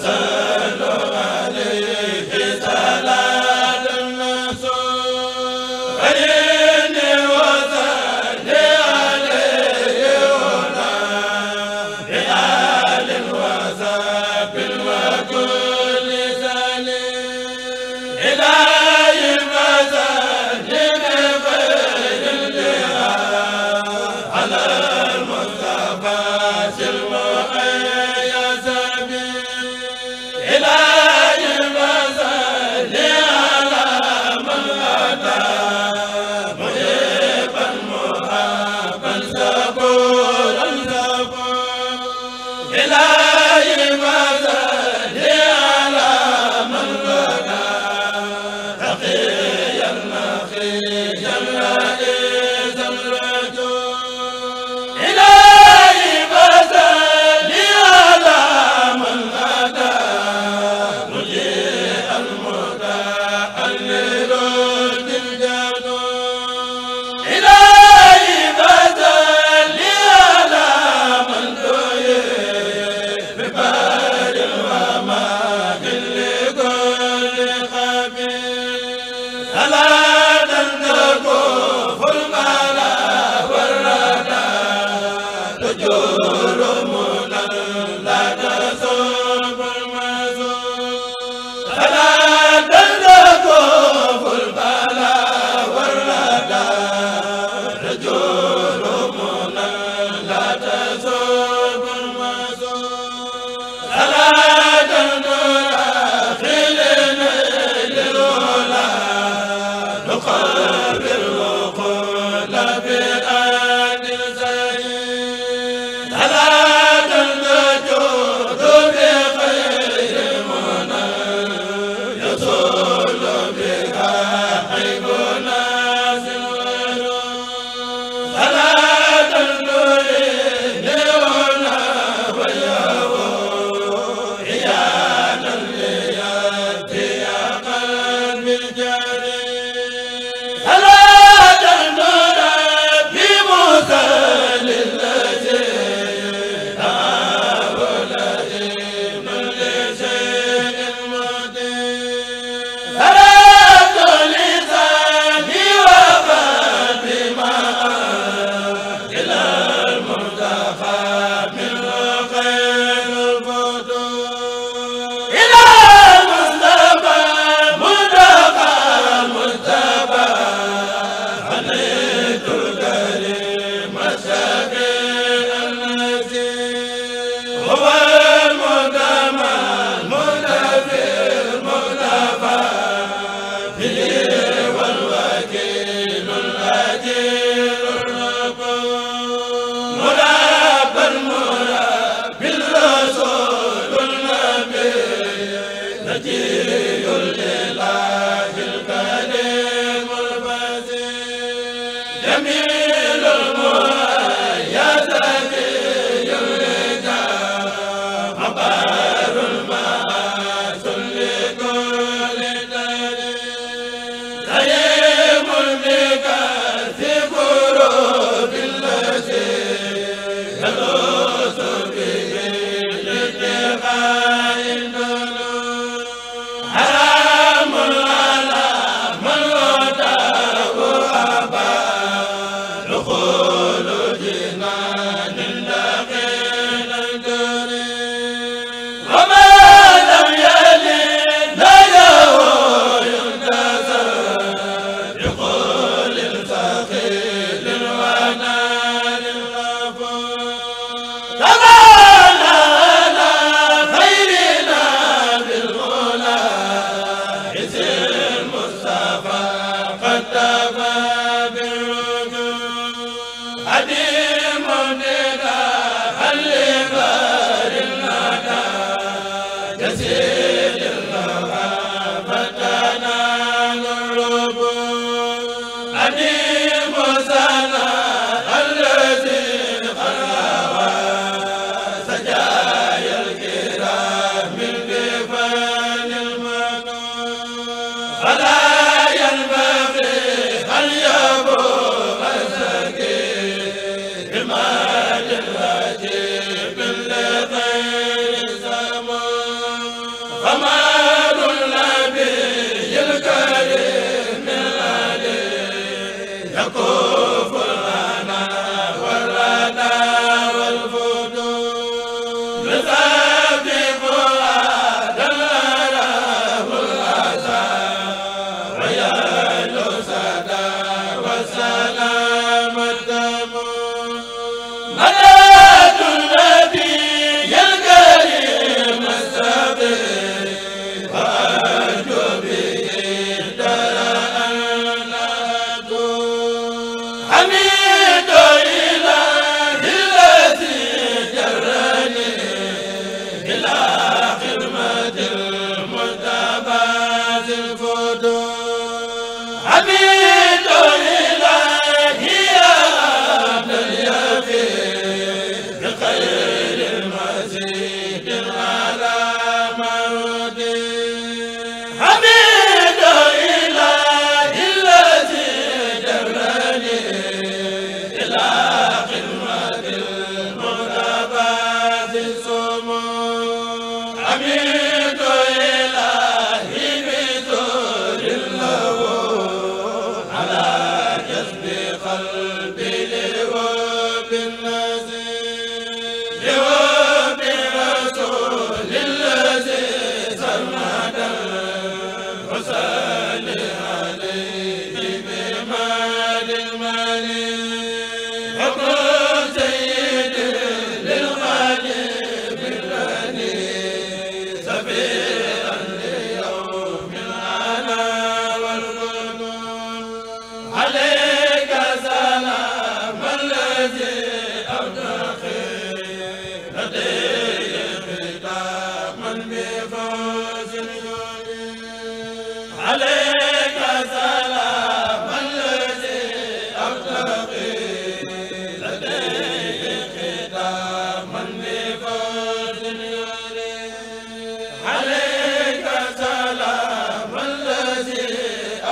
wa جميل Yes la ko amiin amiin